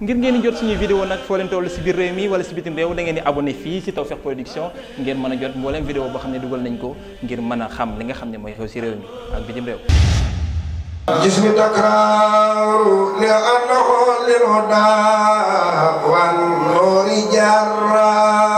ngir ngeen jot suñuy vidéo nag foo leen toll si biir réew mi wala si bitim réew da ngeen di abonné fii si Tawfekh Production ngeen mën a jot mbooleem vidéo boo xam ne dugal nañ ko ngir mën a xam li nga xam ne mooy xew si réew mi ak bitim réew gis mi takraaru li annahu lil huda wan nuuri jarra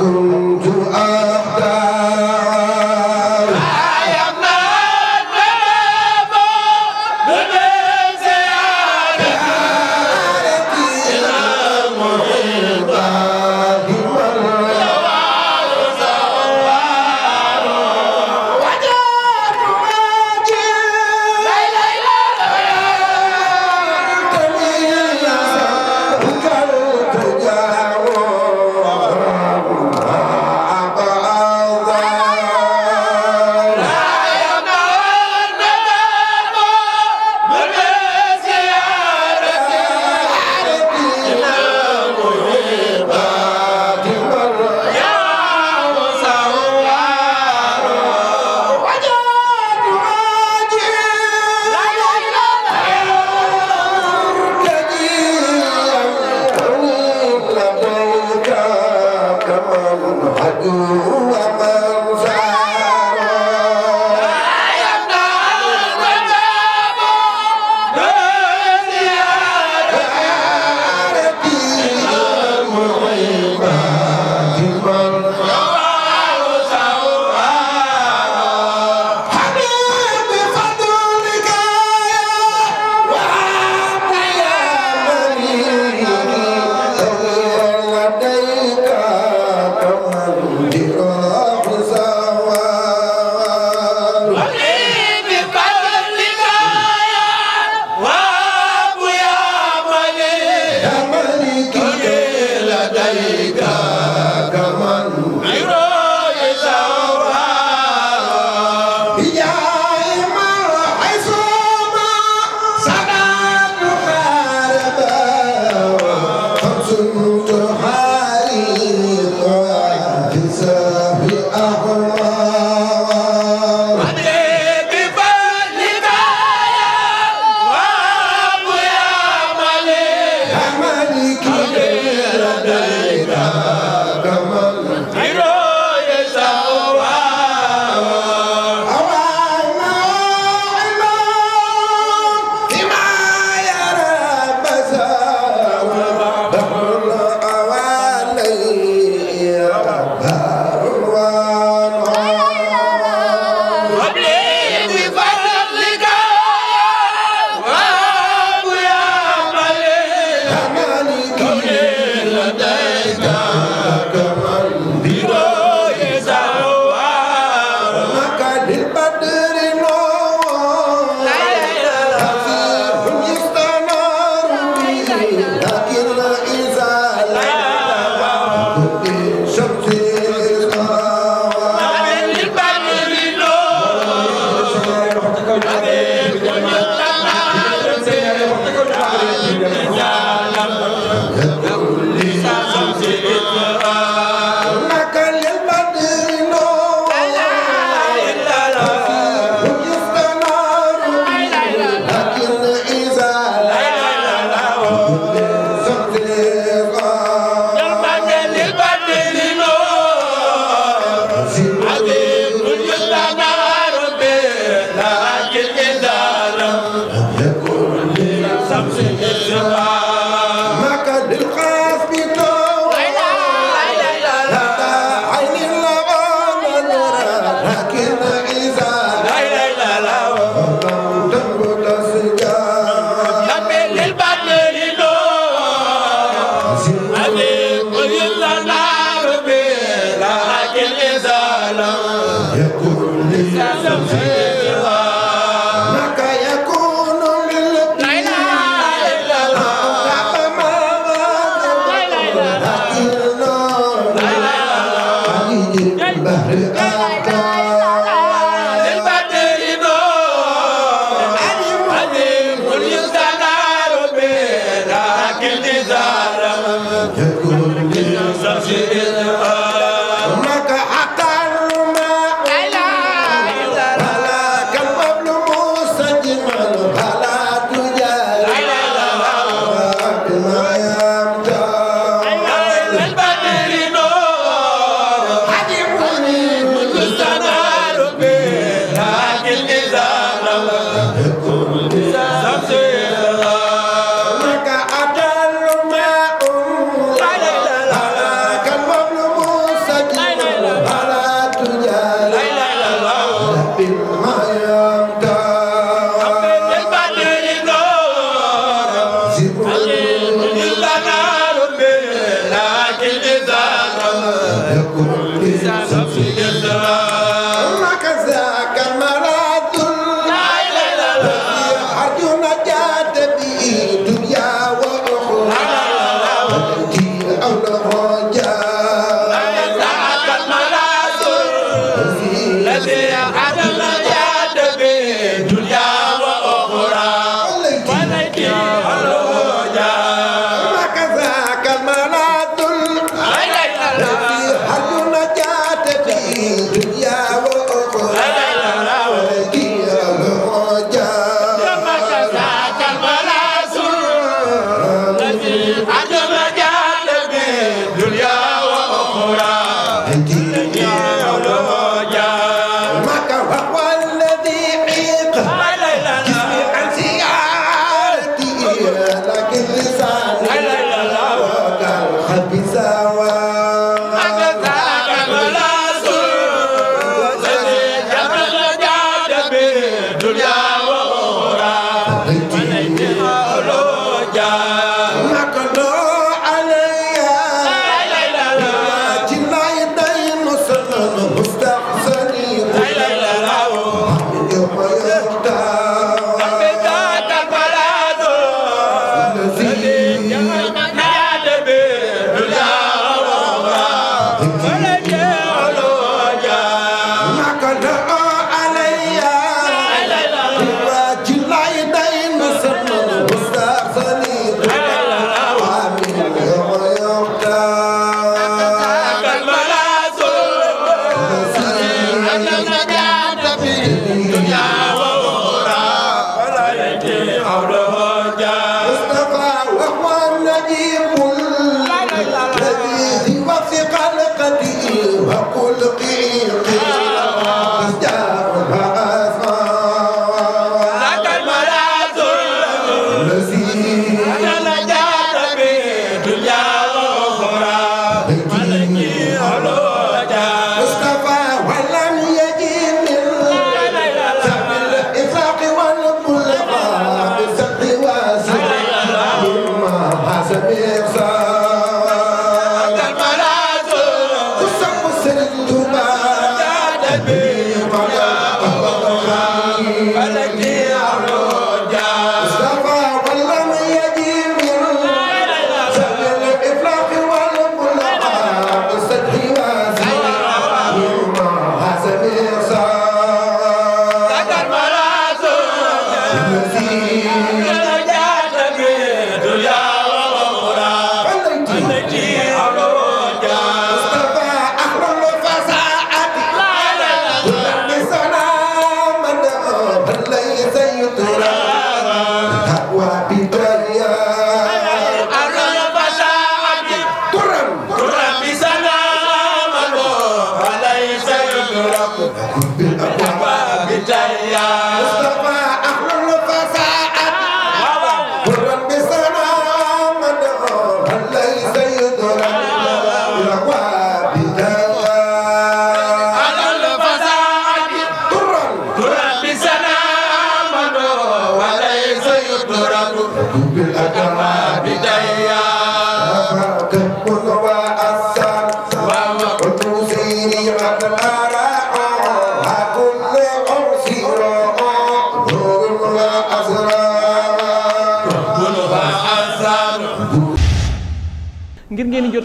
كنت أ Jalal يا